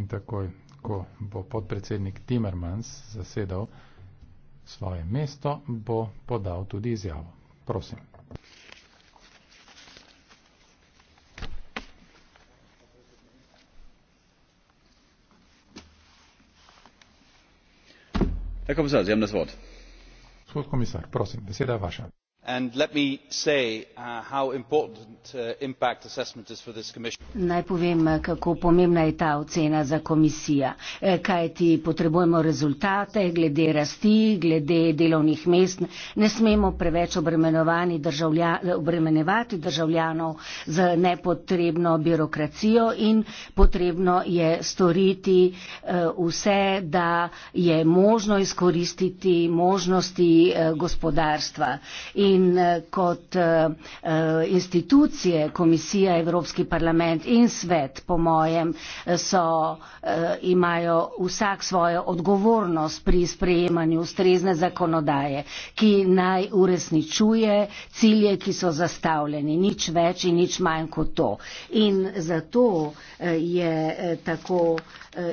in takoj, ko bo podpredsednik Timmermans zasedal svoje mesto, bo podal tudi izjavo. Prosim. Herr Kommissar, Sie haben das Wort. Herr Kommissar, prosim, beseda je vaša let me say uh, how important uh, impact assessment is for this commission. naj povem uh, kako pomembna je ta ocena za komisijo kajti potrebujemo rezultate glede rasti glede delovnih mest ne smemo preveč obremenovati, državlja, obremenovati državljanov z nepotrebno birokracijo in potrebno je storiti vse da je možno izkoristiti možnosti gospodarstva in in eh, kot eh, eh, institucije, komisija, Evropski parlament in svet, po mojem, so, imajo vsak svojo odgovornost pri sprejemanju ustrezne zakonodaje, ki naj uresničuje cilje, ki so zastavljeni, nič več in nič manj kot to. In zato je tako,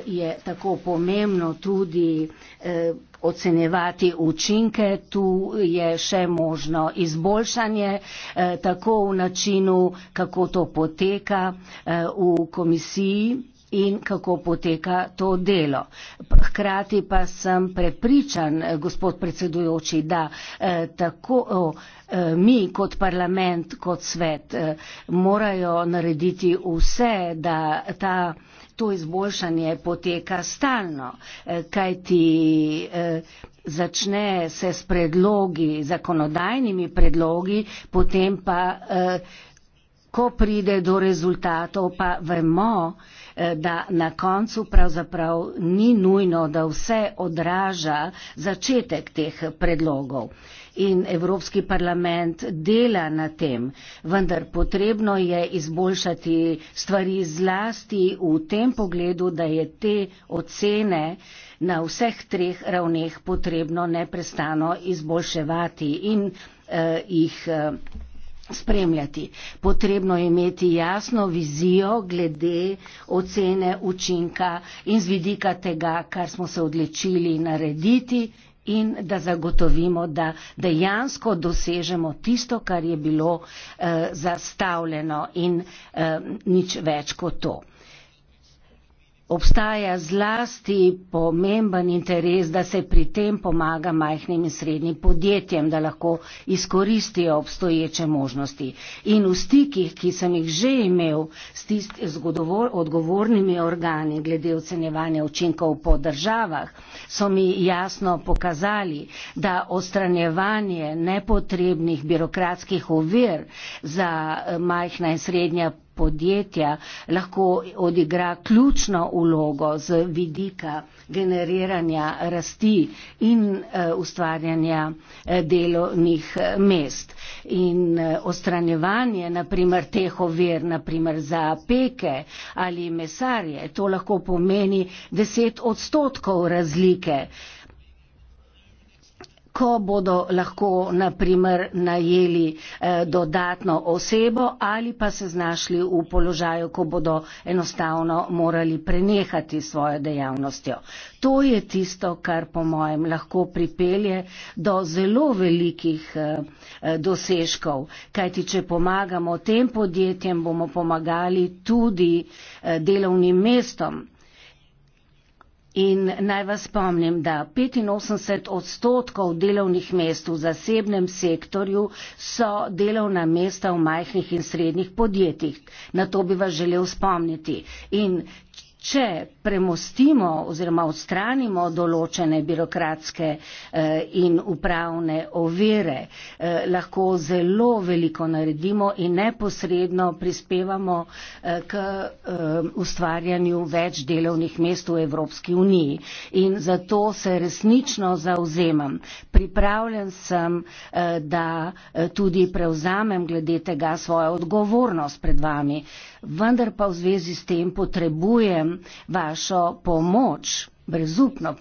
je tako pomembno tudi ocenjevati učinke, tu je še možno izboljšanje, eh, tako v načinu, kako to poteka eh, v komisiji in kako poteka to delo. Hkrati pa sem prepričan, gospod predsedujoči, da eh, tako mi kot parlament, kot svet morajo narediti vse, da ta to izboljšanje poteka stalno, eh, kajti eh, začne se s predlogi, zakonodajnimi predlogi, potem pa, eh, ko pride do rezultatov, pa vemo, da na koncu pravzaprav ni nujno, da vse odraža začetek teh predlogov in Evropski parlament dela na tem, vendar potrebno je izboljšati stvari zlasti v tem pogledu, da je te ocene na vseh treh ravneh potrebno neprestano izboljševati in eh, jih eh, spremljati. Potrebno je imeti jasno vizijo glede ocene učinka in z vidika tega, kar smo se odločili narediti in da zagotovimo, da dejansko dosežemo tisto, kar je bilo eh, zastavljeno in eh, nič več kot to obstaja zlasti pomemben interes, da se pri tem pomaga majhnim in srednjim podjetjem, da lahko izkoristijo obstoječe možnosti. In v stikih, ki sem jih že imel s odgovornimi organi glede ocenjevanja učinkov po državah, so mi jasno pokazali, da ostranjevanje nepotrebnih birokratskih ovir za eh, majhna in srednja podjetja podjetja lahko odigra ključno ulogo z vidika generiranja rasti in eh, ustvarjanja eh, delovnih eh, mest. In ostranjevanje, naprimer, teh ovir, naprimer za peke ali mesarje, to lahko pomeni deset odstotkov razlike ko bodo lahko naprimer najeli eh, dodatno osebo ali pa se znašli v položaju, ko bodo enostavno morali prenehati svojo dejavnostjo. To je tisto, kar po mojem lahko pripelje do zelo velikih eh, eh, dosežkov, kajti če pomagamo tem podjetjem, bomo pomagali tudi delovnim mestom. In naj vas spomnim, da 85 odstotkov delovnih mest v zasebnem sektorju so delovna mesta v majhnih in srednjih podjetjih. Na to bi vas želel spomniti. In če premostimo oziroma odstranimo določene birokratske eh, in upravne ovire, eh, lahko zelo veliko naredimo in neposredno prispevamo eh, k ustvarjanju več delovnih mest v Evropski uniji. In zato se resnično zauzemam. Pripravljen sem, da tudi prevzamem glede tega svojo odgovornost pred vami vendar pa v zvezi s tem potrebujem vašo pomoč brezupno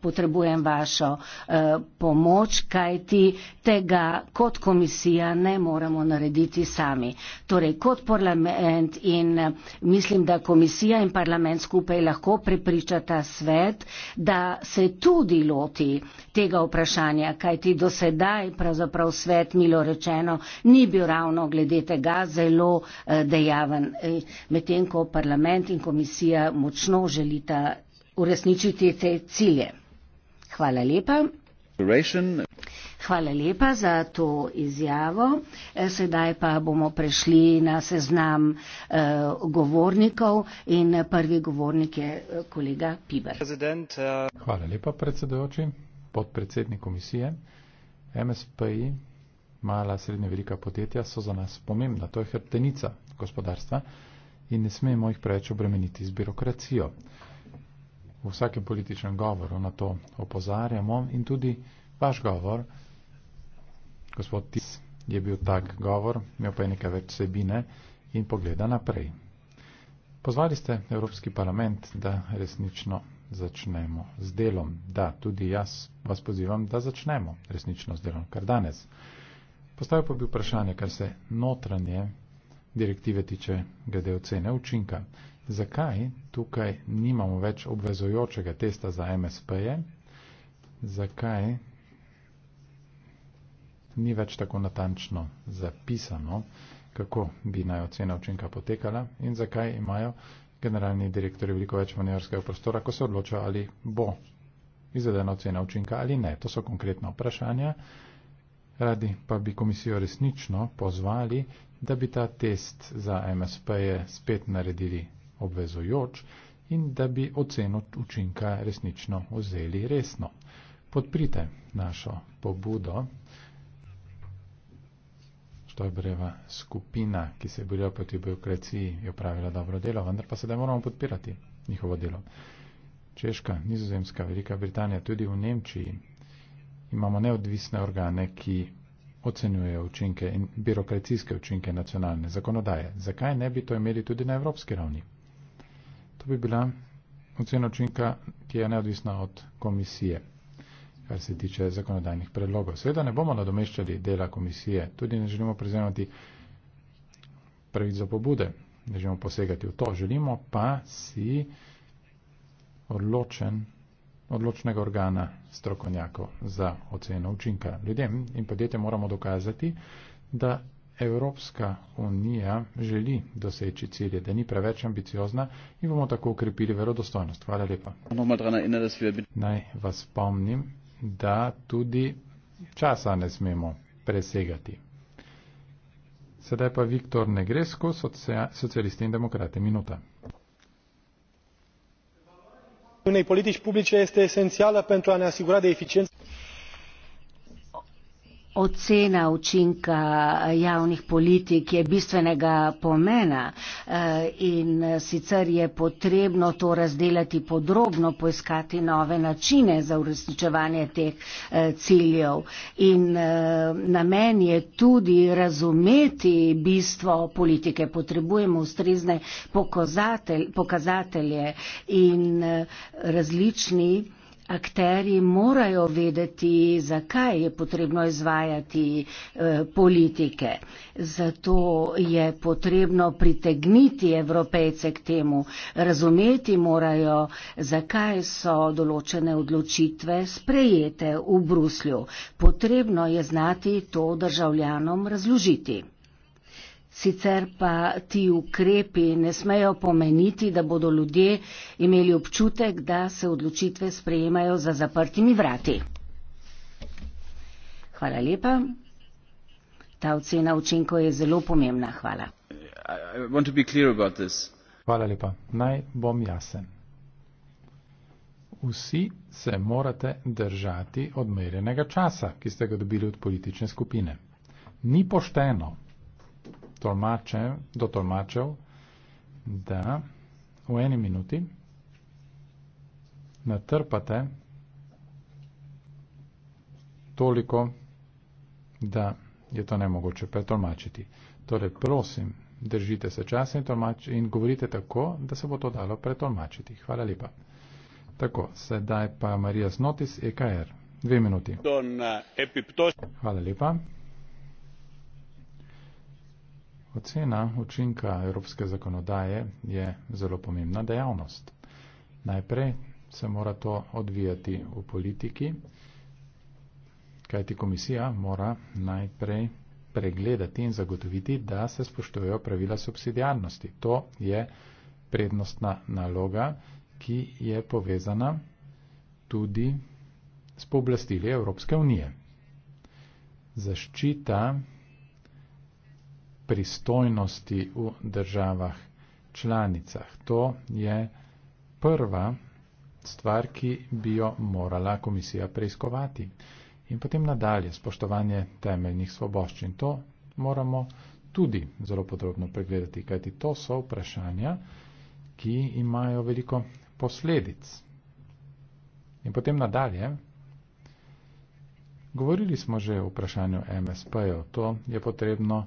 potrebujem vašo eh, pomoč, kaj ti tega kot komisija ne moremo narediti sami. Torej, kot parlament in eh, mislim, da komisija in parlament skupaj lahko prepričata svet, da se tudi loti tega vprašanja, kaj ti do sedaj pravzaprav svet, milo rečeno, ni bil ravno glede tega zelo eh, dejaven, medtem ko parlament in komisija močno želita uresničiti te cilje. Hvala lepa. Hvala lepa za to izjavo. E, sedaj pa bomo prešli na seznam uh, govornikov in prvi govornik je e, kolega Piber. Hvala lepa predsedojoči, podpredsednik komisije. MSPI, mala, srednje velika podjetja so za nas pomembna. To je hrtenica gospodarstva in ne smemo jih preveč obremeniti z birokracijo v vsakem političnem govoru na to opozarjamo in tudi vaš govor, gospod Tis, je bil tak govor, imel pa je nekaj več sebine in pogleda naprej. Pozvali ste Evropski parlament, da resnično začnemo z delom, da tudi jaz vas pozivam, da začnemo resnično z delom, kar danes. Postavil pa bi vprašanje, kar se notranje direktive tiče glede ocene učinka. Zakaj tukaj nimamo več obvezojočega testa za MSP-je? Zakaj ni več tako natančno zapisano, kako bi naj ocena učinka potekala in zakaj imajo generalni direktori veliko več manevrskega prostora, ko se odločajo, ali bo izvedena ocena učinka ali ne. To so konkretna vprašanja. Radi pa bi komisijo resnično pozvali, da bi ta test za MSP-je spet naredili obvezojoč in da bi oceno učinka resnično vzeli resno. Podprite našo pobudo. Štojbreva skupina, ki se je borila proti biokraciji, je opravila dobro delo, vendar pa sedaj moramo podpirati njihovo delo. Češka, Nizozemska, Velika Britanija, tudi v Nemčiji imamo neodvisne organe, ki ocenjujejo učinke in birokracijske učinke nacionalne zakonodaje. Zakaj ne bi to imeli tudi na evropski ravni? To bi bila ocena učinka, ki je neodvisna od komisije, kar se tiče zakonodajnih predlogov. Seveda ne bomo nadomeščali dela komisije, tudi ne želimo prezemati pravic za pobude, ne želimo posegati v to. Želimo pa si odločen, odločnega organa strokovnjakov za oceno učinka. Ljudem in podjetjem moramo dokazati, da Evropska unija želi doseči cilje, da ni preveč ambiciozna in bomo tako ukrepili verodostojnost. Hvala lepa. Naj vas spomnim, da tudi časa ne smemo presegati. Sedaj pa Viktor Negresko, socialisti in demokrati. Minuta. Unei politici publice este esențială pentru a ne asigura de eficiență ocena učinka javnih politik je bistvenega pomena eh, in sicer je potrebno to razdelati podrobno, poiskati nove načine za uresničevanje teh eh, ciljev. In eh, namen je tudi razumeti bistvo politike. Potrebujemo ustrezne pokazatelje in različni Akteri morajo vedeti, zakaj je potrebno izvajati e, politike. Zato je potrebno pritegniti evropejce k temu. Razumeti morajo, zakaj so določene odločitve sprejete v Bruslju. Potrebno je znati to državljanom razložiti. Sicer pa ti ukrepi ne smejo pomeniti, da bodo ljudje imeli občutek, da se odločitve sprejemajo za zaprtimi vrati. Hvala lepa. Ta ocena učinkov je zelo pomembna. Hvala. Hvala lepa. Naj bom jasen. Vsi se morate držati odmerjenega časa, ki ste ga dobili od politične skupine. Ni pošteno, tolmače, do tolmačev, da v eni minuti natrpate toliko, da je to nemogoče pretolmačiti. Torej, prosim, držite se časa in, in govorite tako, da se bo to dalo pretolmačiti. Hvala lepa. Tako, sedaj pa Marija Znotis, EKR. Dve minuti. Eh, Hvala lepa. Ocena učinka evropske zakonodaje je zelo pomembna dejavnost. Najprej se mora to odvijati v politiki, kajti komisija mora najprej pregledati in zagotoviti, da se spoštujejo pravila subsidijarnosti. To je prednostna naloga, ki je povezana tudi s pooblastili Evropske unije. Zaščita pristojnosti v državah članicah. To je prva stvar, ki bi jo morala komisija preiskovati. In potem nadalje, spoštovanje temeljnih svoboščin. To moramo tudi zelo podrobno pregledati, kajti to so vprašanja, ki imajo veliko posledic. In potem nadalje, govorili smo že o vprašanju MSP-jev. To je potrebno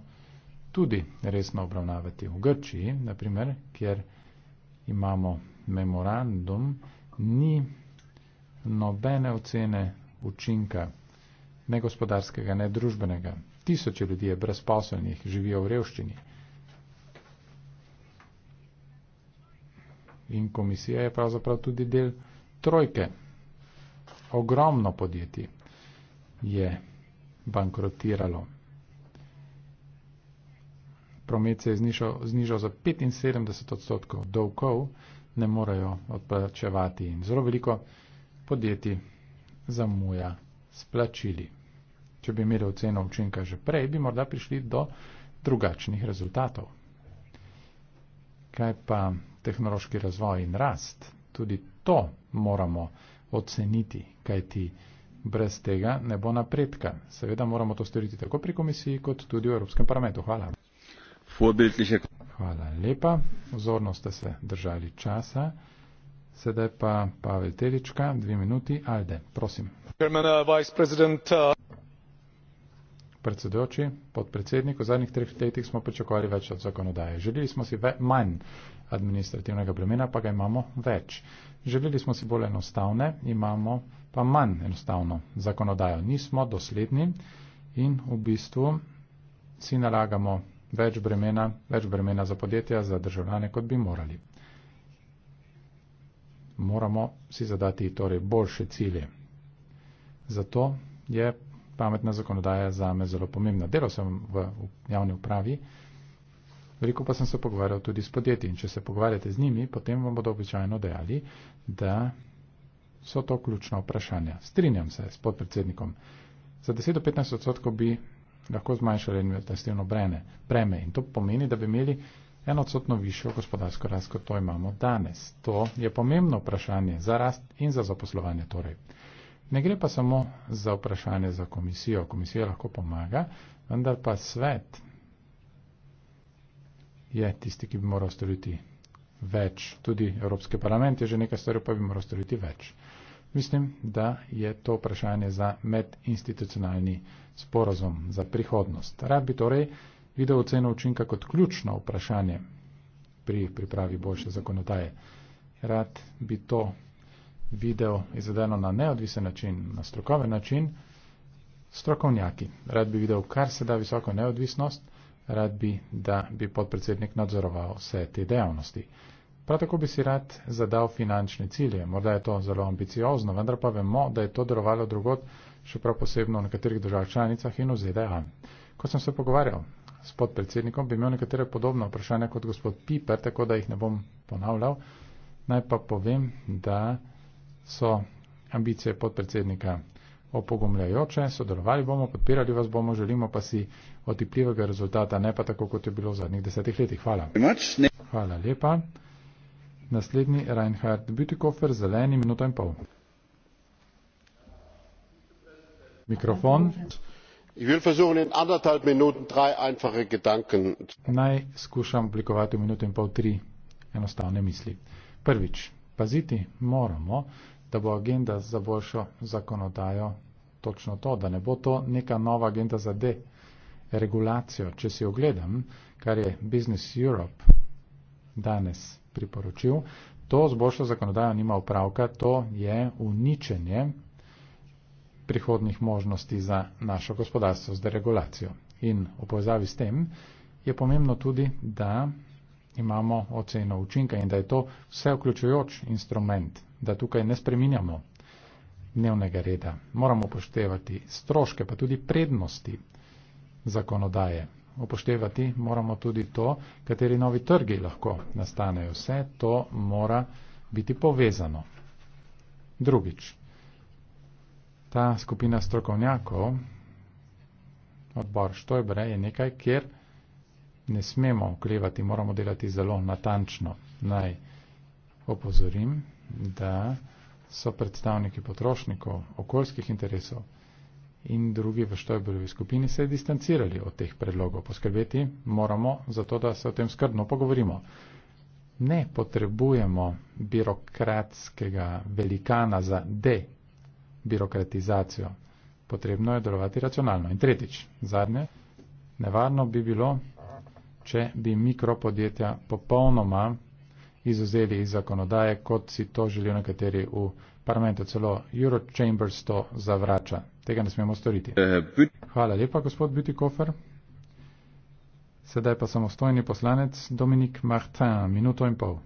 tudi resno obravnavati. V Grčiji, naprimer, kjer imamo memorandum, ni nobene ocene učinka ne gospodarskega, ne družbenega. Tisoče ljudi je brezposelnih, živijo v revščini. In komisija je pravzaprav tudi del trojke. Ogromno podjetij je bankrotiralo promet se je znižal, znižal za 75 odstotkov, dolgov ne morejo odplačevati in zelo veliko podjetij zamuja s plačili. Če bi imeli oceno učinka že prej, bi morda prišli do drugačnih rezultatov. Kaj pa tehnološki razvoj in rast? Tudi to moramo oceniti, kajti brez tega ne bo napredka. Seveda moramo to storiti tako pri komisiji, kot tudi v Evropskem parlamentu. Hvala vorbildliche. Hvala lepa. Vzorno ste se držali časa. Sedaj pa Pavel Telička, dve minuti. Alde, prosim. Uh, Predsedujoči, podpredsednik, v zadnjih treh letih smo pričakovali več od zakonodaje. Želeli smo si ve, manj administrativnega bremena, pa ga imamo več. Želeli smo si bolj enostavne, imamo pa manj enostavno zakonodajo. Nismo dosledni in v bistvu si nalagamo več bremena, več bremena za podjetja, za državljane, kot bi morali. Moramo si zadati torej boljše cilje. Zato je pametna zakonodaja za me zelo pomembna. Delal sem v javni upravi, veliko pa sem se pogovarjal tudi s podjetji in če se pogovarjate z njimi, potem vam bodo običajno dejali, da so to ključna vprašanja. Strinjam se s podpredsednikom. Za 10 do 15 odstotkov bi lahko zmanjšali investitivno breme. In to pomeni, da bi imeli eno odstotno višjo gospodarsko rast, kot to imamo danes. To je pomembno vprašanje za rast in za zaposlovanje. Torej. Ne gre pa samo za vprašanje za komisijo. Komisija lahko pomaga, vendar pa svet je tisti, ki bi moral storiti več. Tudi Evropski parlament je že nekaj storil, pa bi moral storiti več. Mislim, da je to vprašanje za medinstitucionalni sporazum za prihodnost. Rad bi torej videl oceno učinka kot ključno vprašanje pri pripravi boljše zakonodaje. Rad bi to videl izvedeno na neodvisen način, na strokoven način, strokovnjaki. Rad bi videl, kar se da visoko neodvisnost, rad bi, da bi podpredsednik nadzoroval vse te dejavnosti. Prav tako bi si rad zadal finančne cilje, morda je to zelo ambiciozno, vendar pa vemo, da je to delovalo drugot še prav posebno v nekaterih državah članicah in v ZDA. Ko sem se pogovarjal s podpredsednikom, bi imel nekatere podobne vprašanja kot gospod Piper, tako da jih ne bom ponavljal. Naj pa povem, da so ambicije podpredsednika opogumljajoče, sodelovali bomo, podpirali vas bomo, želimo pa si otipljivega rezultata, ne pa tako, kot je bilo v zadnjih desetih letih. Hvala. Hvala lepa. Naslednji Reinhard Bütikofer, zeleni minuto in pol mikrofon. Naj skušam oblikovati v minuto in pol tri enostavne misli. Prvič, paziti moramo, da bo agenda za boljšo zakonodajo točno to, da ne bo to neka nova agenda za deregulacijo. Če si ogledam, kar je Business Europe danes priporočil, to z boljšo zakonodajo nima opravka, to je uničenje prihodnih možnosti za naše gospodarstvo z deregulacijo. In v povezavi s tem je pomembno tudi, da imamo oceno učinka in da je to vseoključujoč instrument, da tukaj ne spreminjamo dnevnega reda. Moramo upoštevati stroške, pa tudi prednosti zakonodaje. Upoštevati moramo tudi to, kateri novi trgi lahko nastanejo. Vse to mora biti povezano. Drugič, ta skupina strokovnjakov, odbor Štojbre, je nekaj, kjer ne smemo oklevati, moramo delati zelo natančno. Naj opozorim, da so predstavniki potrošnikov, okoljskih interesov in drugi v Štojbrovi skupini se distancirali od teh predlogov. Poskrbeti moramo za to, da se o tem skrbno pogovorimo. Ne potrebujemo birokratskega velikana za de birokratizacijo. Potrebno je delovati racionalno. In tretjič, zadnje, nevarno bi bilo, če bi mikropodjetja popolnoma izuzeli iz zakonodaje, kot si to želijo nekateri v parlamentu. Celo Eurochambers to zavrača. Tega ne smemo storiti. Eh, Hvala lepa, gospod Bütikofer. Sedaj pa samostojni poslanec Dominik Martin, minuto in pol.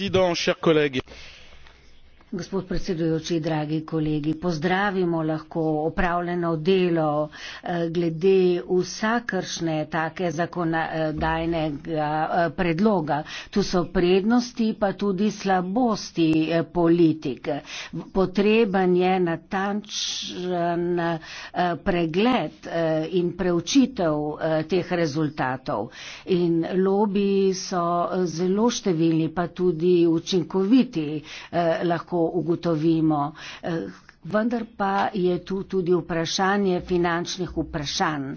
président chers collègues Gospod predsedujoči, dragi kolegi, pozdravimo lahko opravljeno delo eh, glede vsakršne take zakonodajnega eh, predloga. Tu so prednosti, pa tudi slabosti eh, politik. Potreben je natančen pregled in preučitev teh rezultatov. In lobiji so zelo številni, pa tudi učinkoviti lahko ugotovimo. Eh, vendar pa je tu tudi vprašanje finančnih vprašanj.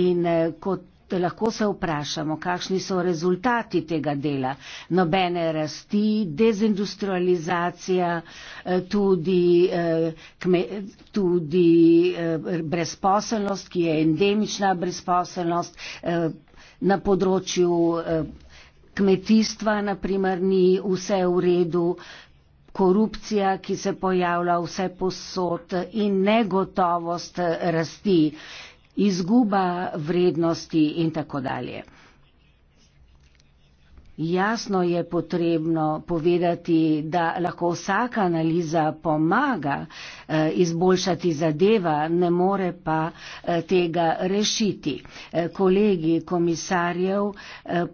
In eh, kot lahko se vprašamo, kakšni so rezultati tega dela. Nobene rasti, dezindustrializacija, eh, tudi, tudi brezposelnost, ki je endemična brezposelnost na področju. Kmetijstva, naprimer, ni vse v redu, eh, korupcija, ki se pojavlja vse posod in negotovost rasti, izguba vrednosti in tako dalje. Jasno je potrebno povedati, da lahko vsaka analiza pomaga eh, izboljšati zadeva, ne more pa eh, tega rešiti. Eh, kolegi komisarjev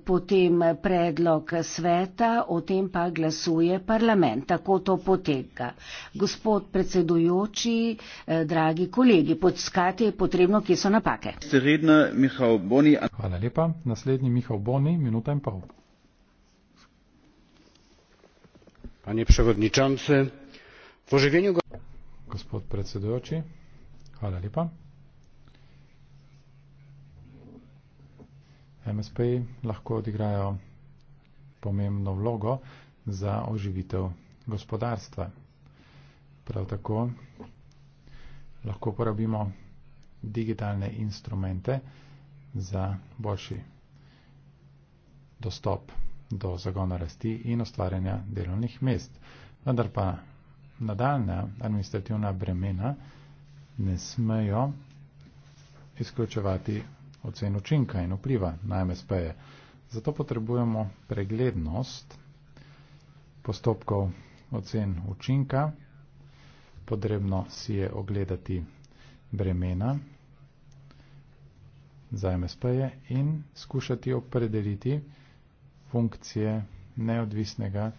potem predlog sveta, o tem pa glasuje parlament. Tako to poteka. Gospod predsedujoči, dragi kolegi, podskati je potrebno, kje so napake. Hvala lepa. Naslednji Mihal Boni, minuta in pol. panie przewodniczący w ożywieniu gospod predsedujoči hvala lepa MSP lahko odigrajo pomembno vlogo za oživitev gospodarstva. Prav tako lahko uporabimo digitalne instrumente za boljši dostop do zagona rasti in ustvarjanja delovnih mest. Vendar pa nadaljna administrativna bremena ne smejo izključevati ocen učinka in vpliva na MSP-je. Zato potrebujemo preglednost postopkov ocen učinka, potrebno si je ogledati bremena za MSP-je in skušati opredeliti, funkcije neodvisnega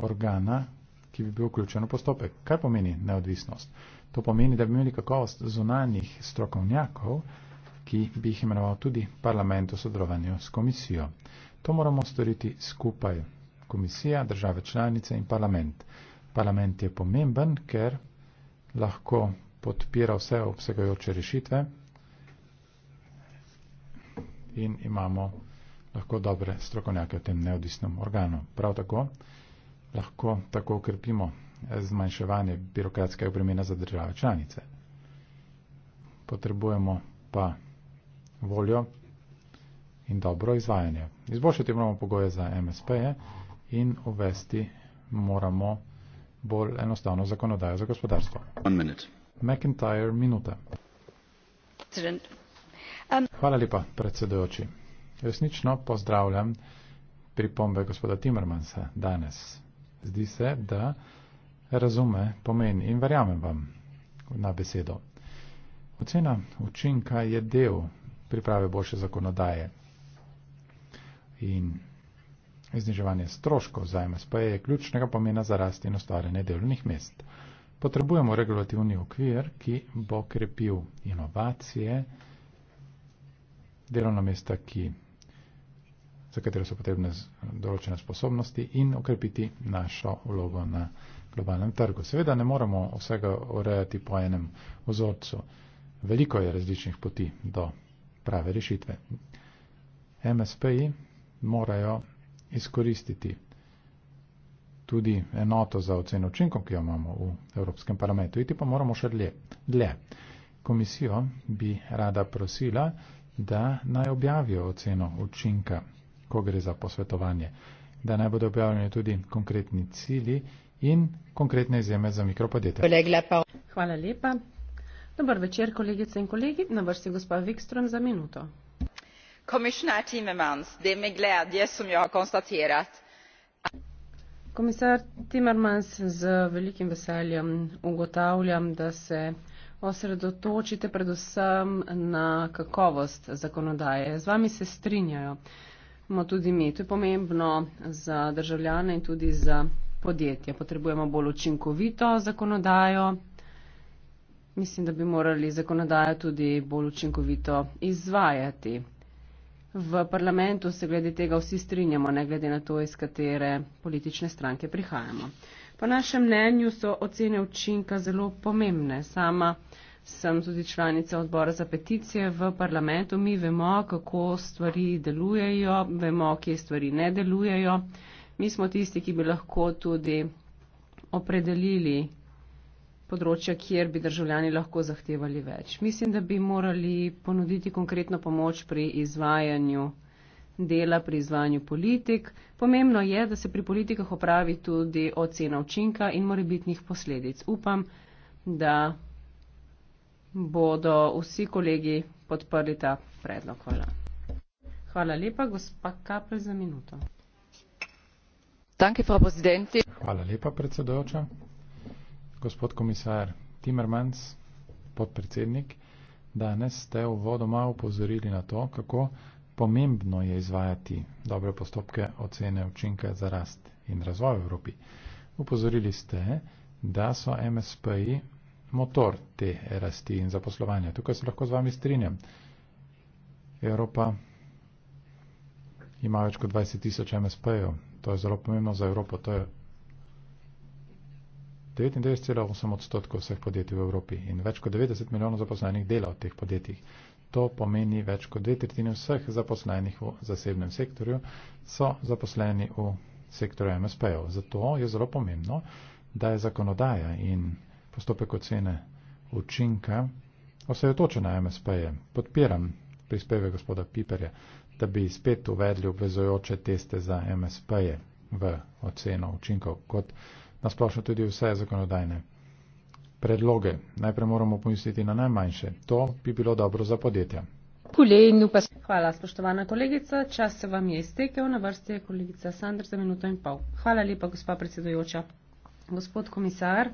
organa, ki bi bil vključen v postopek. Kaj pomeni neodvisnost? To pomeni, da bi imeli kakovost zunanjih strokovnjakov, ki bi jih imenoval tudi parlament v sodelovanju s komisijo. To moramo storiti skupaj. Komisija, države članice in parlament. Parlament je pomemben, ker lahko podpira vse obsegajoče rešitve in imamo lahko dobre strokovnjake v tem neodvisnem organu. Prav tako lahko tako ukrepimo zmanjševanje birokratskega bremena za države članice. Potrebujemo pa voljo in dobro izvajanje. Izboljšati moramo pogoje za MSP-je in uvesti moramo bolj enostavno zakonodajo za gospodarstvo. McIntyre, minuta. Hvala lepa, predsedujoči. Resnično pozdravljam pripombe gospoda Timmermansa danes. Zdi se, da razume pomen in verjamem vam na besedo. Ocena učinka je del priprave boljše zakonodaje in izniževanje stroškov za MSP je ključnega pomena za rast in ustvarjanje delovnih mest. Potrebujemo regulativni okvir, ki bo krepil inovacije, delovna mesta, ki za katero so potrebne določene sposobnosti in okrepiti našo vlogo na globalnem trgu. Seveda ne moramo vsega urejati po enem ozorcu. Veliko je različnih poti do prave rešitve. MSPI morajo izkoristiti tudi enoto za oceno učinkov, ki jo imamo v Evropskem parlamentu. Iti pa moramo še dlje. dlje. Komisijo bi rada prosila, da naj objavijo oceno učinka ko gre za posvetovanje, da naj bodo objavljeni tudi konkretni cili in konkretne izjeme za mikropodjetje. Hvala lepa. Dobar večer, kolegice in kolegi. Na vrsti gospa Vikström za minuto. Komisar Timmermans, de me gledje, sem jo konstatirat. Komisar Timmermans, z velikim veseljem ugotavljam, da se osredotočite predvsem na kakovost zakonodaje. Z vami se strinjajo imamo tudi mi. To je pomembno za državljane in tudi za podjetje. Potrebujemo bolj učinkovito zakonodajo. Mislim, da bi morali zakonodajo tudi bolj učinkovito izvajati. V parlamentu se glede tega vsi strinjamo, ne glede na to, iz katere politične stranke prihajamo. Po našem mnenju so ocene učinka zelo pomembne. Sama sem tudi članica odbora za peticije v parlamentu. Mi vemo, kako stvari delujejo, vemo, kje stvari ne delujejo. Mi smo tisti, ki bi lahko tudi opredelili področja, kjer bi državljani lahko zahtevali več. Mislim, da bi morali ponuditi konkretno pomoč pri izvajanju dela, pri izvajanju politik. Pomembno je, da se pri politikah opravi tudi ocena učinka in morebitnih posledic. Upam, da bodo vsi kolegi podprli ta predlog. Hvala. Hvala lepa, gospa Kapl za minuto. Danke, Frau Präsidentin. Hvala lepa, predsedojoča. Gospod komisar Timmermans, podpredsednik, danes ste v vodoma upozorili na to, kako pomembno je izvajati dobre postopke ocene učinka za rast in razvoj v Evropi. Upozorili ste, da so MSP-ji motor te rasti in zaposlovanja. Tukaj se lahko z vami strinjam. Evropa ima več kot 20 tisoč MSP-jev. To je zelo pomembno za Evropo. To je 99,8 odstotkov vseh podjetij v Evropi in več kot 90 milijonov zaposlenih dela v teh podjetjih. To pomeni več kot dve tretjine vseh zaposlenih v zasebnem sektorju so zaposleni v sektorju MSP-jev. Zato je zelo pomembno, da je zakonodaja in postopek ocene učinka, osredotočen na MSP-je. Podpiram prispeve gospoda Piperja, da bi spet uvedli obvezojoče teste za MSP-je v oceno učinkov, kot nasplošno tudi vse zakonodajne predloge. Najprej moramo pomisliti na najmanjše. To bi bilo dobro za podjetja. Hvala, spoštovana kolegica. Čas se vam je iztekel. Na vrsti je kolegica Sandr za minuto in pol. Hvala lepa, gospa predsedujoča. Gospod komisar.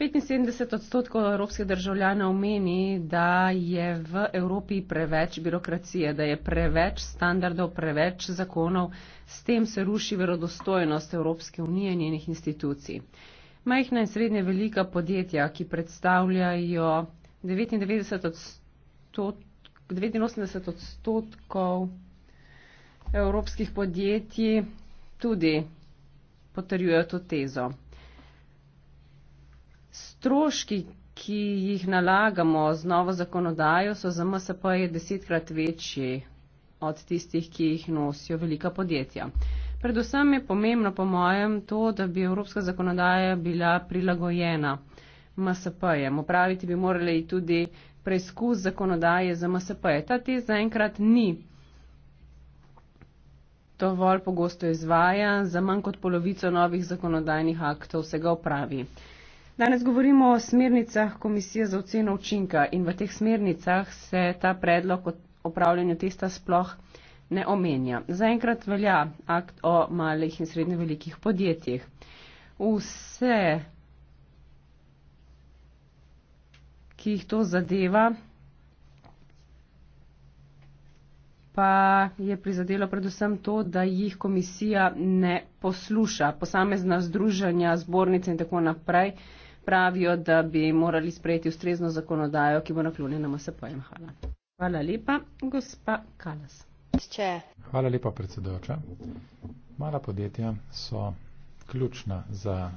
75 odstotkov evropskih državljanov meni, da je v Evropi preveč birokracije, da je preveč standardov, preveč zakonov, s tem se ruši verodostojnost Evropske unije in njenih institucij. Majhna in srednje velika podjetja, ki predstavljajo 99 odstotkov, 89 odstotkov evropskih podjetij, tudi potrjujejo to tezo stroški, ki jih nalagamo z novo zakonodajo, so za MSP je desetkrat večji od tistih, ki jih nosijo velika podjetja. Predvsem je pomembno, po mojem, to, da bi evropska zakonodaja bila prilagojena MSP-jem. Opraviti bi morali tudi preizkus zakonodaje za MSP-je. Ta test zaenkrat ni dovolj pogosto izvajan, za manj kot polovico novih zakonodajnih aktov se ga opravi. Danes govorimo o smernicah Komisije za oceno učinka in v teh smernicah se ta predlog o opravljanju testa sploh ne omenja. Zaenkrat velja akt o malih in srednje velikih podjetjih. Vse, ki jih to zadeva, pa je prizadelo predvsem to, da jih komisija ne posluša, posamezna združanja, zbornice in tako naprej pravijo, da bi morali sprejeti ustrezno zakonodajo, ki bo naklonjena MSP-jem. Hvala. Hvala lepa, gospa Kalas. Če. Hvala lepa, predsedujoča. Mala podjetja so ključna za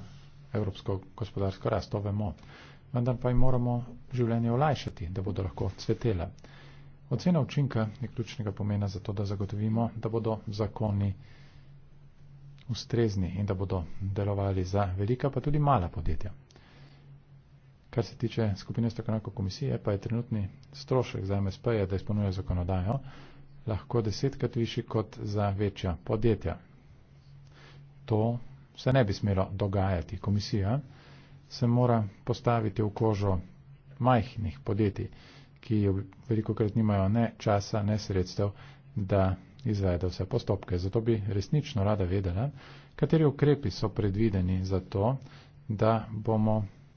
evropsko gospodarsko rast, to vemo. Vendar pa jim moramo življenje olajšati, da bodo lahko cvetela. Ocena učinka je ključnega pomena za to, da zagotovimo, da bodo zakoni ustrezni in da bodo delovali za velika, pa tudi mala podjetja. Kar se tiče skupine strokovnjakov komisije, pa je trenutni strošek za MSP, je, da izpolnjuje zakonodajo, lahko desetkrat višji kot za večja podjetja. To se ne bi smelo dogajati. Komisija se mora postaviti v kožo majhnih podjetij, ki veliko krat nimajo ne časa, ne sredstev, da izvede vse postopke. Zato bi resnično rada vedela, kateri ukrepi so predvideni za to, da bomo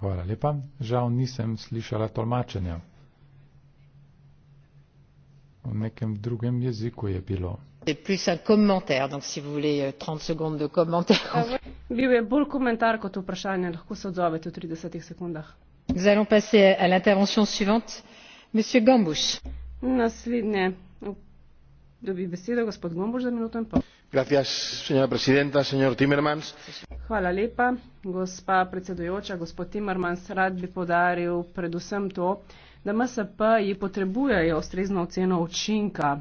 Hvala lepa. Žal nisem slišala tolmačenja. V nekem drugem jeziku je bilo. Donc, si voulez, 30 euh, ah Bil je bolj komentar kot vprašanje. Lahko se odzovete v 30 sekundah. Naslednje dobi besedo gospod Gombuš za minuto in pol gospa predsedujoča gospod timmermans rad bi poudaril predvsem to da msp-ji potrebujejo ustrezno oceno učinka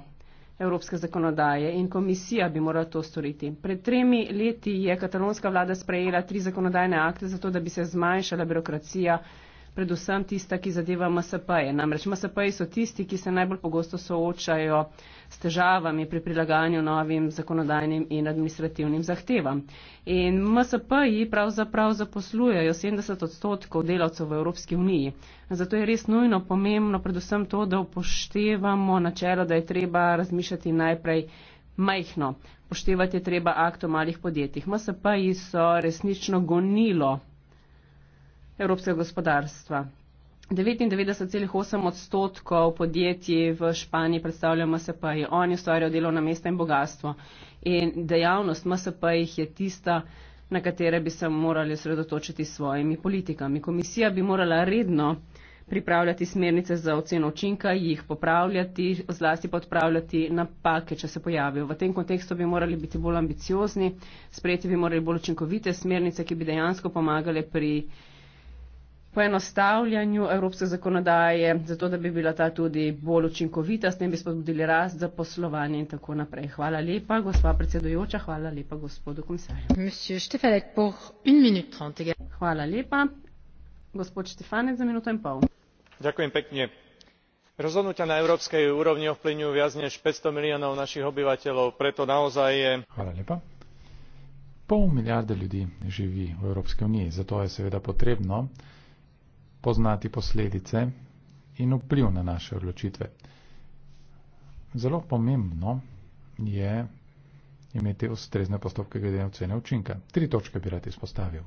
evropske zakonodaje in komisija bi morala to storiti. Pred tremi leti je katalonska vlada sprejela tri zakonodajne akte zato, da bi se zmanjšala birokracija, ki jo poznamo v evropski uniji predvsem tista, ki zadeva MSP-je. Namreč MSP-ji so tisti, ki se najbolj pogosto soočajo s težavami pri prilagajanju novim zakonodajnim in administrativnim zahtevam. In MSP-ji pravzaprav zaposlujejo 70 odstotkov delavcev v Evropski uniji. Zato je res nujno pomembno predvsem to, da upoštevamo načelo, da je treba razmišljati najprej majhno. Poštevati je treba akt o malih podjetjih. MSP-ji so resnično gonilo evropskega gospodarstva. 99,8 odstotkov podjetij v Španiji predstavlja MSP, -ji. oni ustvarjajo delovna mesta in bogatstvo. In dejavnost MSP je tista, na katere bi se morali osredotočiti s svojimi politikami. Komisija bi morala redno pripravljati smernice za oceno učinka, jih popravljati, zlasti pa odpravljati napake, če se pojavijo. V tem kontekstu bi morali biti bolj ambiciozni, sprejeti bi morali bolj učinkovite smernice, ki bi dejansko pomagale pri poenostavljanju evropske zakonodaje, zato da bi bila ta tudi bolj učinkovita, s tem bi spodbudili rast za poslovanje in tako naprej. Hvala lepa, gospa predsedujoča, hvala lepa, gospodu komisarju. Hvala lepa, gospod Štefanec, za minuto in pol. Ďakujem pekne. Rozhodnutia na európskej úrovni ovplyvňujú viac než 500 miliónov našich obyvateľov, preto naozaj je... Hvala lepa. Pol miliarda ľudí živí v Európskej únii, zato je seveda potrebno, poznati posledice in vpliv na naše odločitve. Zelo pomembno je imeti ustrezne postopke glede na ocene učinka. Tri točke bi rad izpostavil.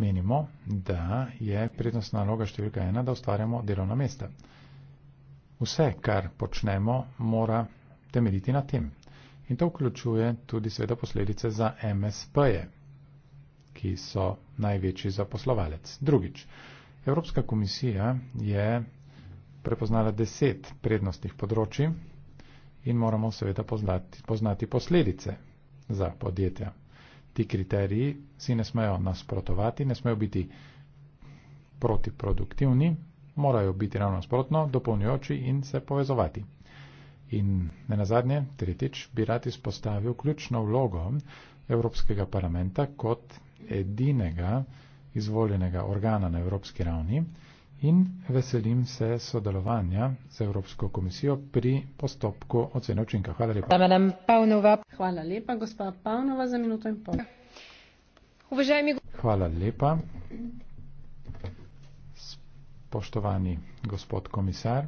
Menimo, da je prednostna naloga številka ena, da ustvarjamo delovna mesta. Vse, kar počnemo, mora temeljiti na tem. In to vključuje tudi sveda posledice za MSP-je, ki so največji zaposlovalec. Drugič, Evropska komisija je prepoznala deset prednostnih področji in moramo seveda poznati, poznati posledice za podjetja. Ti kriteriji si ne smejo nasprotovati, ne smejo biti protiproduktivni, morajo biti ravno nasprotno, dopolnjujoči in se povezovati. In ne nazadnje, tretjič, bi rad izpostavil ključno vlogo Evropskega parlamenta kot edinega izvoljenega organa na evropski ravni in veselim se sodelovanja z Evropsko komisijo pri postopku ocene učinka. Hvala lepa. Hvala lepa, gospa Pavnova, za minuto in pol. Uvaženi... Hvala lepa, spoštovani gospod komisar.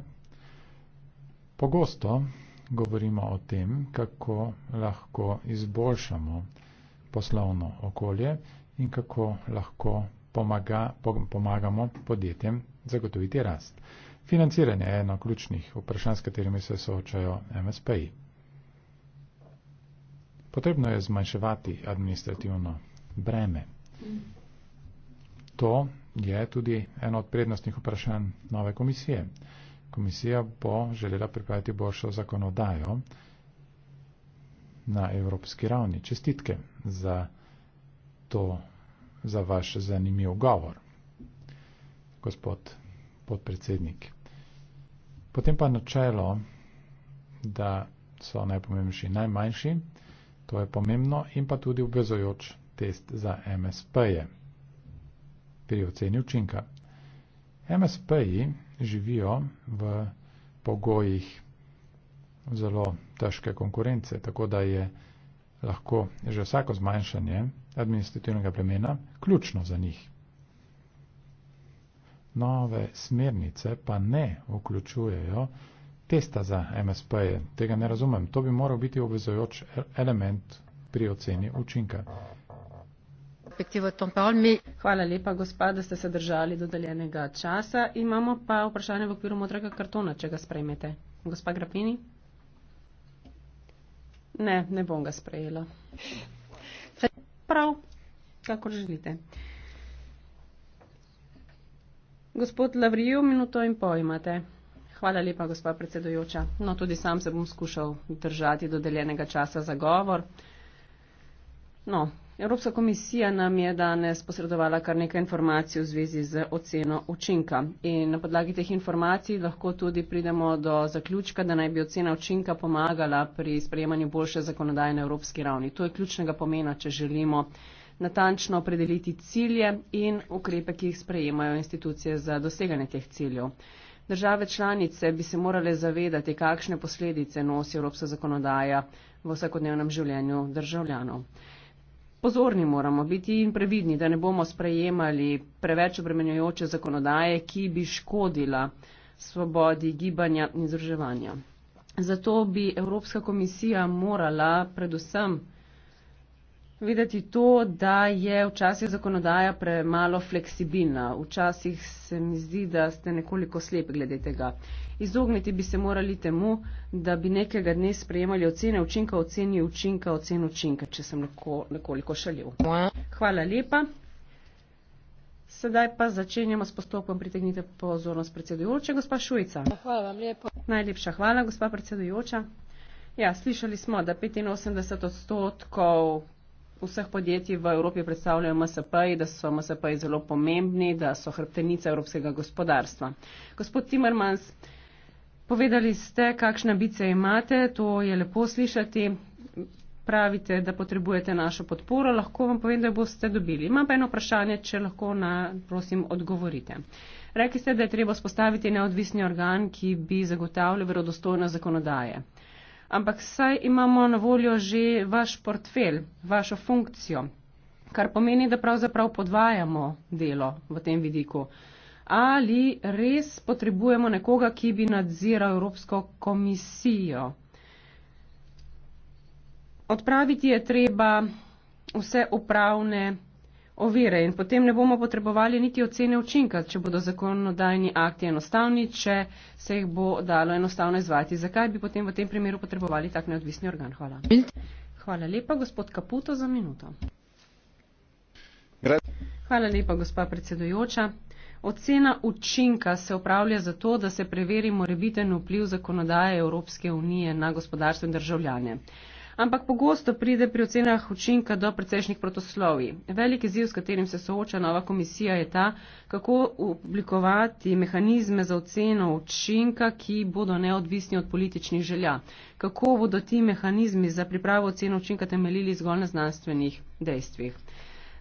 Pogosto govorimo o tem, kako lahko izboljšamo poslovno okolje in kako lahko pomaga, pomagamo podjetjem zagotoviti rast. Financiranje je eno ključnih vprašanj, s katerimi se soočajo MSPI. Potrebno je zmanjševati administrativno breme. To je tudi eno od prednostnih vprašanj nove komisije. Komisija bo želela pripraviti boljšo zakonodajo na evropski ravni. Čestitke za to za vaš zanimiv govor, gospod podpredsednik. Potem pa načelo, da so najpomembnejši najmanjši, to je pomembno in pa tudi obvezojoč test za MSP-je pri oceni učinka. MSP-ji živijo v pogojih zelo težke konkurence, tako da je lahko že vsako zmanjšanje administrativnega plemena, ključno za njih. Nove smernice pa ne vključujejo testa za MSP. -je. Tega ne razumem. To bi moral biti obvezojoč element pri oceni učinka. Hvala lepa, gospa, da ste se držali dodeljenega časa. Imamo pa vprašanje v okviru modrega kartona, če ga sprejmete. Gospa Grapini? Ne, ne bom ga sprejela prav, kako želite. Gospod Lavriju, minuto in pol imate. Hvala lepa, gospa predsedojoča. No, tudi sam se bom skušal držati dodeljenega časa za govor. No, Evropska komisija nam je danes posredovala kar nekaj informacij v zvezi z oceno učinka. In na podlagi teh informacij lahko tudi pridemo do zaključka, da naj bi ocena učinka pomagala pri sprejemanju boljše zakonodaje na evropski ravni. To je ključnega pomena, če želimo natančno opredeliti cilje in ukrepe, ki jih sprejemajo institucije za doseganje teh ciljev. Države članice bi se morale zavedati, kakšne posledice nosi evropska zakonodaja v vsakodnevnem življenju državljanov pozorni moramo biti in previdni, da ne bomo sprejemali preveč obremenjujoče zakonodaje, ki bi škodila svobodi gibanja in združevanja. Zato bi Evropska komisija morala predvsem videti to, da je včasih zakonodaja premalo fleksibilna. Včasih se mi zdi, da ste nekoliko slepi glede tega. Izogniti bi se morali temu, da bi nekega dne sprejemali ocene učinka, oceni učinka, ocen učinka, če sem neko, nekoliko šalil. Hvala lepa. Sedaj pa začenjamo s postopkom. Pritegnite pozornost predsedujoče, gospa Šujca. Hvala vam lepo. Najlepša hvala, gospa predsedujoča. Ja, slišali smo, da 85 odstotkov vseh podjetij v Evropi predstavljajo MSP, da so MSP zelo pomembni, da so hrbtenica evropskega gospodarstva. Gospod Timmermans, Povedali ste, kakšne ambice imate, to je lepo slišati. Pravite, da potrebujete našo podporo, lahko vam povem, da boste dobili. Imam pa eno vprašanje, če lahko na, prosim, odgovorite. Rekli ste, da je treba spostaviti neodvisni organ, ki bi zagotavljal verodostojno zakonodaje. Ampak saj imamo na voljo že vaš portfelj, vašo funkcijo, kar pomeni, da pravzaprav podvajamo delo v tem vidiku ali res potrebujemo nekoga, ki bi nadziral Evropsko komisijo. Odpraviti je treba vse upravne ovire in potem ne bomo potrebovali niti ocene učinka, če bodo zakonodajni akti enostavni, če se jih bo dalo enostavno izvati. Zakaj bi potem v tem primeru potrebovali tak neodvisni organ? Hvala. Hvala lepa, gospod Kaputo, za minuto. Hvala lepa, gospa predsedujoča. Ocena učinka se upravlja zato, da se preveri morebiten vpliv zakonodaje Evropske unije na gospodarstvo in državljanje. Ampak pogosto pride pri ocenah učinka do precejšnjih protoslovij. Veliki ziv, s katerim se sooča nova komisija, je ta, kako oblikovati mehanizme za oceno učinka, ki bodo neodvisni od političnih želja. Kako bodo ti mehanizmi za pripravo ocene učinka temeljili zgolj na znanstvenih dejstvih.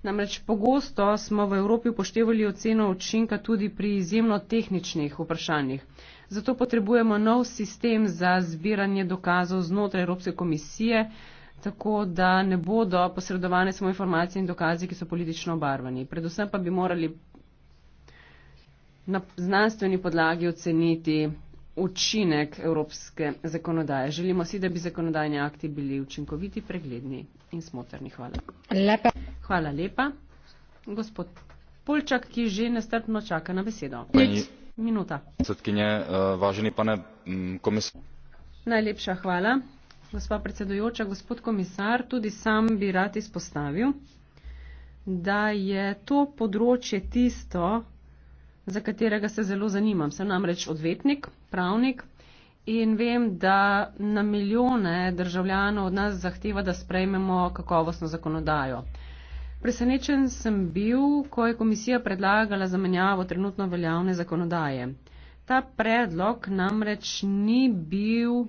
Namreč pogosto smo v Evropi upoštevali oceno učinka tudi pri izjemno tehničnih vprašanjih. Zato potrebujemo nov sistem za zbiranje dokazov znotraj Evropske komisije, tako da ne bodo posredovane samo informacije in dokazi, ki so politično obarvani. Predvsem pa bi morali na znanstveni podlagi oceniti učinek evropske zakonodaje. Želimo si, da bi zakonodajni akti bili učinkoviti, pregledni in smotrni. Hvala. Lepa. Hvala lepa. Gospod Polčak, ki že nestrpno čaka na besedo. Pet minuta. Predsedkinje, eh, važeni pane mm, komisar. Najlepša hvala. Gospa predsedujoča, gospod komisar, tudi sam bi rad izpostavil, da je to področje tisto, za katerega se zelo zanimam. Sem namreč odvetnik, pravnik in vem, da na milijone državljanov od nas zahteva, da sprejmemo kakovostno zakonodajo. Presenečen sem bil, ko je komisija predlagala zamenjavo trenutno veljavne zakonodaje. Ta predlog namreč ni bil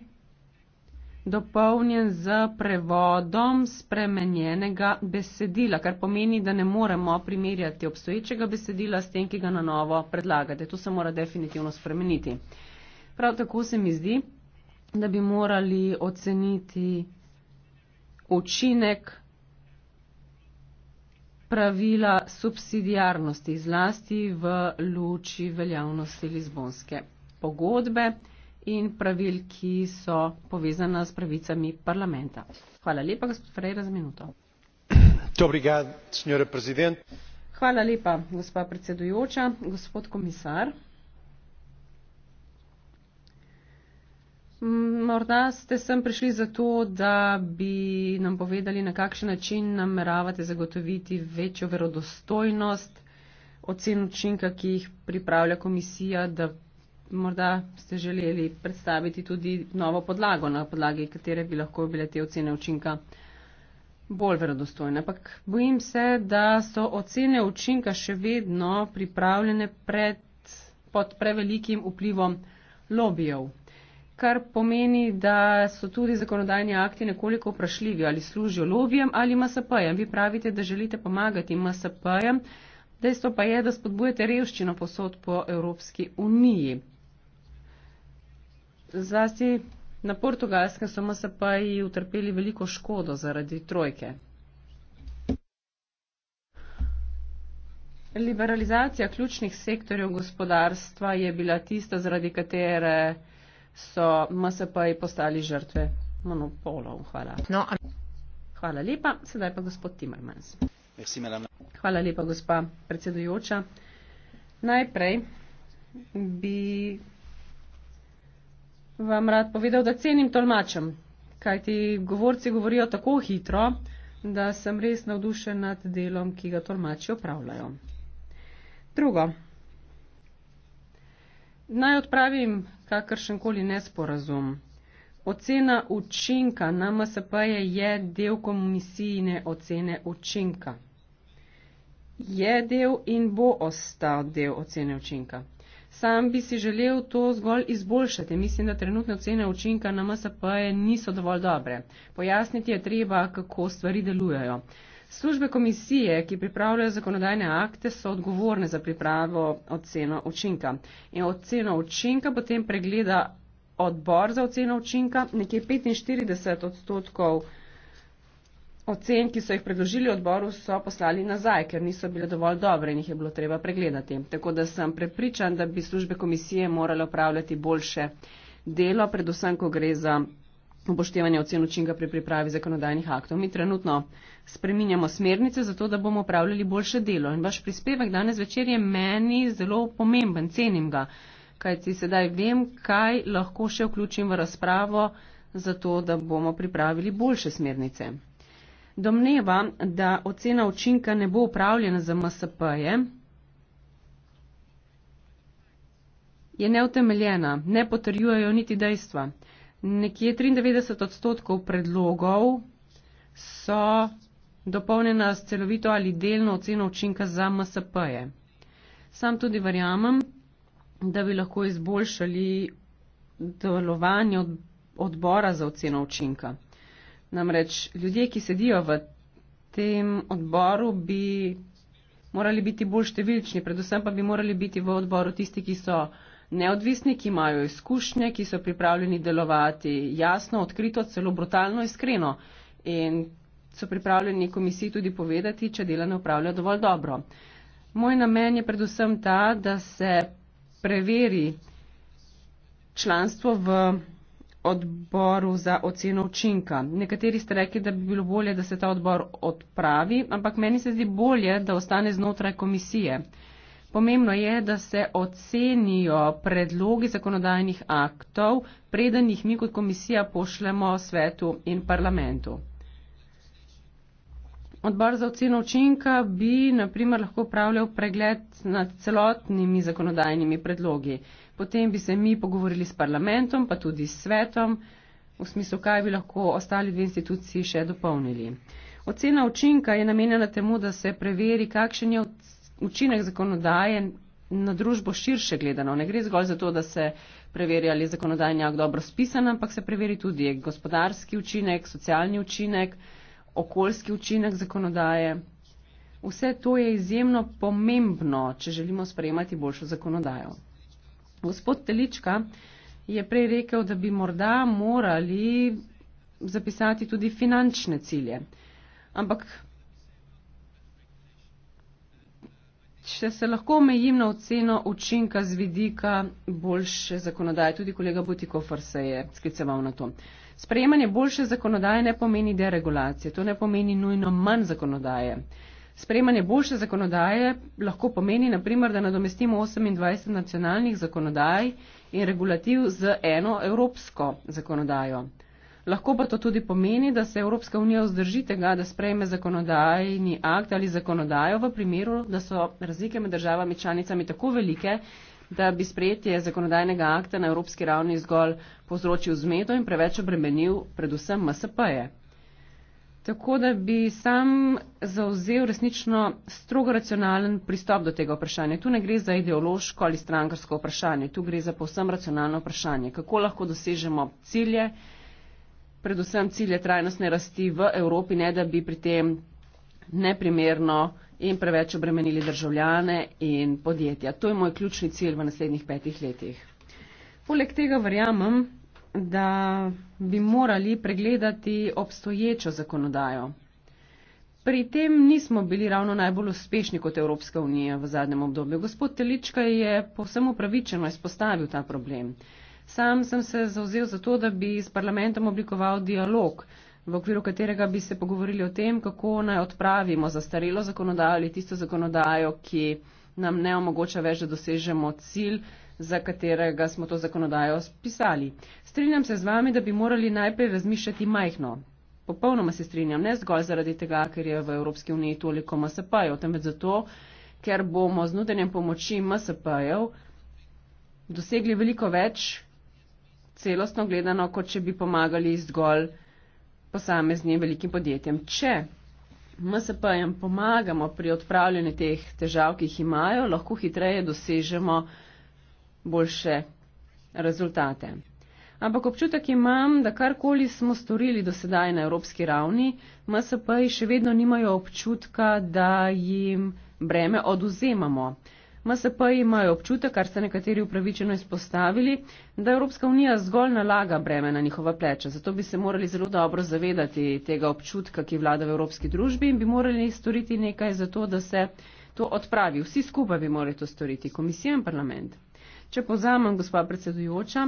dopolnjen z prevodom spremenjenega besedila, kar pomeni, da ne moremo primerjati obstoječega besedila s tem, ki ga na novo predlagate. To se mora definitivno spremeniti. Prav tako se mi zdi, da bi morali oceniti učinek pravila subsidijarnosti zlasti v luči veljavnosti Lizbonske pogodbe in pravil, ki so povezana s pravicami parlamenta. Hvala lepa, gospod Frejra, za minuto. Dobrigad, Hvala lepa, gospa predsedujoča, gospod komisar. Morda ste sem prišli zato, da bi nam povedali, na kakšen način nameravate zagotoviti večjo verodostojnost ocen učinka, ki jih pripravlja komisija, da morda ste želeli predstaviti tudi novo podlago, na podlagi katere bi lahko bile te ocene učinka bolj verodostojne. Ampak bojim se, da so ocene učinka še vedno pripravljene pred, pod prevelikim vplivom lobijev kar pomeni, da so tudi zakonodajni akti nekoliko vprašljivi, ali služijo lobijem ali MSP-jem. Vi pravite, da želite pomagati MSP-jem, dejstvo pa je, da spodbujete revščino posod po Evropski uniji. Zlasti na portugalskem so MSP-ji utrpeli veliko škodo zaradi trojke. Liberalizacija ključnih sektorjev gospodarstva je bila tista, zaradi katere so MSP-ji postali žrtve monopolov. Hvala. No, Hvala lepa. Sedaj pa gospod Timmermans. Merci, Hvala lepa, gospa predsedujoča. Najprej bi vam rad povedal, da cenim tolmačem, kajti govorci govorijo tako hitro, da sem res navdušen nad delom, ki ga tolmači opravljajo. Drugo, Naj odpravim kakršen koli nesporazum. Ocena učinka na MSP je, je del komisijine ocene učinka. Je del in bo ostal del ocene učinka. Sam bi si želel to zgolj izboljšati. Mislim, da trenutne ocene učinka na MSP niso dovolj dobre. Pojasniti je treba, kako stvari delujejo. Službe komisije, ki pripravljajo zakonodajne akte, so odgovorne za pripravo oceno učinka. In oceno učinka potem pregleda odbor za oceno učinka. Nekje 45 odstotkov ocen, ki so jih predložili odboru, so poslali nazaj, ker niso bile dovolj dobre in jih je bilo treba pregledati. Tako da sem prepričan, da bi službe komisije morale upravljati boljše delo, predvsem, ko gre za upoštevanje ocen učinka pri pripravi zakonodajnih aktov. Mi trenutno spreminjamo smernice za to, da bomo upravljali boljše delo. In vaš prispevek danes večer je meni zelo pomemben, cenim ga, kajti sedaj vem, kaj lahko še vključim v razpravo za to, da bomo pripravili boljše smernice. Domneva, da ocena učinka ne bo upravljena za MSP-je, je neutemeljena, ne potrjujejo niti dejstva nekje 93 odstotkov predlogov so dopolnjena s celovito ali delno oceno učinka za MSP-je. Sam tudi verjamem, da bi lahko izboljšali delovanje odbora za oceno učinka. Namreč ljudje, ki sedijo v tem odboru, bi morali biti bolj številčni, predvsem pa bi morali biti v odboru tisti, ki so neodvisni, ki imajo izkušnje, ki so pripravljeni delovati jasno, odkrito, celo brutalno, iskreno in so pripravljeni komisiji tudi povedati, če dela ne upravlja dovolj dobro. Moj namen je predvsem ta, da se preveri članstvo v odboru za oceno učinka. Nekateri ste rekli, da bi bilo bolje, da se ta odbor odpravi, ampak meni se zdi bolje, da ostane znotraj komisije. Pomembno je, da se ocenijo predlogi zakonodajnih aktov, preden jih mi kot komisija pošljemo svetu in parlamentu. Odbor za oceno učinka bi naprimer lahko upravljal pregled nad celotnimi zakonodajnimi predlogi. Potem bi se mi pogovorili s parlamentom, pa tudi s svetom, v smislu, kaj bi lahko ostali dve instituciji še dopolnili. Ocena učinka je namenjena temu, da se preveri, kakšen je odstavljen učinek zakonodaje na družbo širše gledano. Ne gre zgolj za to, da se preveri, ali je zakonodajnjak dobro spisan, ampak se preveri tudi gospodarski učinek, socialni učinek, okoljski učinek zakonodaje. Vse to je izjemno pomembno, če želimo sprejemati boljšo zakonodajo. Gospod Telička je prej rekel, da bi morda morali zapisati tudi finančne cilje. Ampak Če se lahko omejim na oceno učinka z vidika boljše zakonodaje, tudi kolega Butikofer se je skliceval na to. Sprejemanje boljše zakonodaje ne pomeni deregulacije, to ne pomeni nujno manj zakonodaje. Sprejemanje boljše zakonodaje lahko pomeni, na primer, da nadomestimo 28 nacionalnih zakonodaj in regulativ z eno evropsko zakonodajo. Lahko pa to tudi pomeni, da se Evropska unija vzdrži tega, da sprejme zakonodajni akt ali zakonodajo v primeru, da so razlike med državami članicami tako velike, da bi sprejetje zakonodajnega akta na evropski ravni zgolj povzročil zmedo in preveč obremenil predvsem MSP-je. Tako da bi sam zauzel resnično strogo racionalen pristop do tega vprašanja. Tu ne gre za ideološko ali strankarsko vprašanje, tu gre za povsem racionalno vprašanje, kako lahko dosežemo cilje, predvsem cilje trajnostne rasti v Evropi, ne da bi pri tem neprimerno in preveč obremenili državljane in podjetja. To je moj ključni cilj v naslednjih petih letih. Poleg tega verjamem, da bi morali pregledati obstoječo zakonodajo. Pri tem nismo bili ravno najbolj uspešni kot Evropska unija v zadnjem obdobju. Gospod Telička je povsem upravičeno izpostavil ta problem. Sam sem se zauzel za to, da bi s parlamentom oblikoval dialog, v okviru katerega bi se pogovorili o tem, kako naj odpravimo zastarelo zakonodajo ali tisto zakonodajo, ki nam ne omogoča več, da dosežemo cilj, za katerega smo to zakonodajo spisali. Strinjam se z vami, da bi morali najprej razmišljati majhno. Popolnoma se strinjam, ne zgolj zaradi tega, ker je v Evropski uniji toliko MSP-jev, temveč zato, ker bomo z nudenjem pomoči MSP-jev dosegli veliko več, celostno gledano, kot če bi pomagali zgolj posameznim velikim podjetjem. Če MSP-jem pomagamo pri odpravljanju teh težav, ki jih imajo, lahko hitreje dosežemo boljše rezultate. Ampak občutek imam, da karkoli smo storili do sedaj na evropski ravni, MSP-ji še vedno nimajo občutka, da jim breme oduzemamo. MSP imajo občutek, kar ste nekateri upravičeno izpostavili, da Evropska unija zgolj nalaga breme na njihova pleča. Zato bi se morali zelo dobro zavedati tega občutka, ki vlada v evropski družbi in bi morali storiti nekaj za to, da se to odpravi. Vsi skupaj bi morali to storiti, komisija in parlament. Če pozamem, gospa predsedujoča,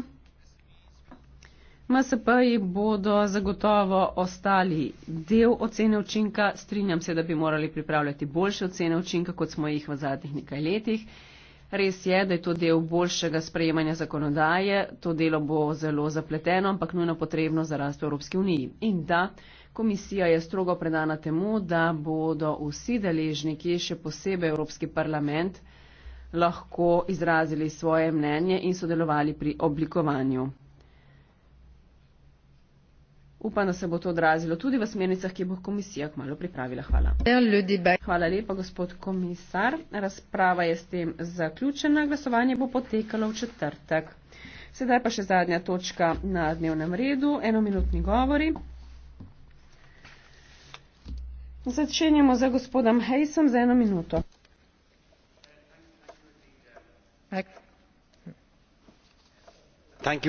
MSP-ji bodo zagotovo ostali del ocene učinka. Strinjam se, da bi morali pripravljati boljše ocene učinka, kot smo jih v zadnjih nekaj letih. Res je, da je to del boljšega sprejemanja zakonodaje. To delo bo zelo zapleteno, ampak nujno potrebno za rast Evropske unije. In da, komisija je strogo predana temu, da bodo vsi deležniki, še posebej Evropski parlament, lahko izrazili svoje mnenje in sodelovali pri oblikovanju. Upam, da se bo to odrazilo tudi v smernicah, ki bo komisija kmalo pripravila. Hvala. Hvala lepa, gospod komisar. Razprava je s tem zaključena. Glasovanje bo potekalo v četrtek. Sedaj pa še zadnja točka na dnevnem redu. Enominutni govori. Začenjamo za gospodom Hejsom za eno minuto. Thank you.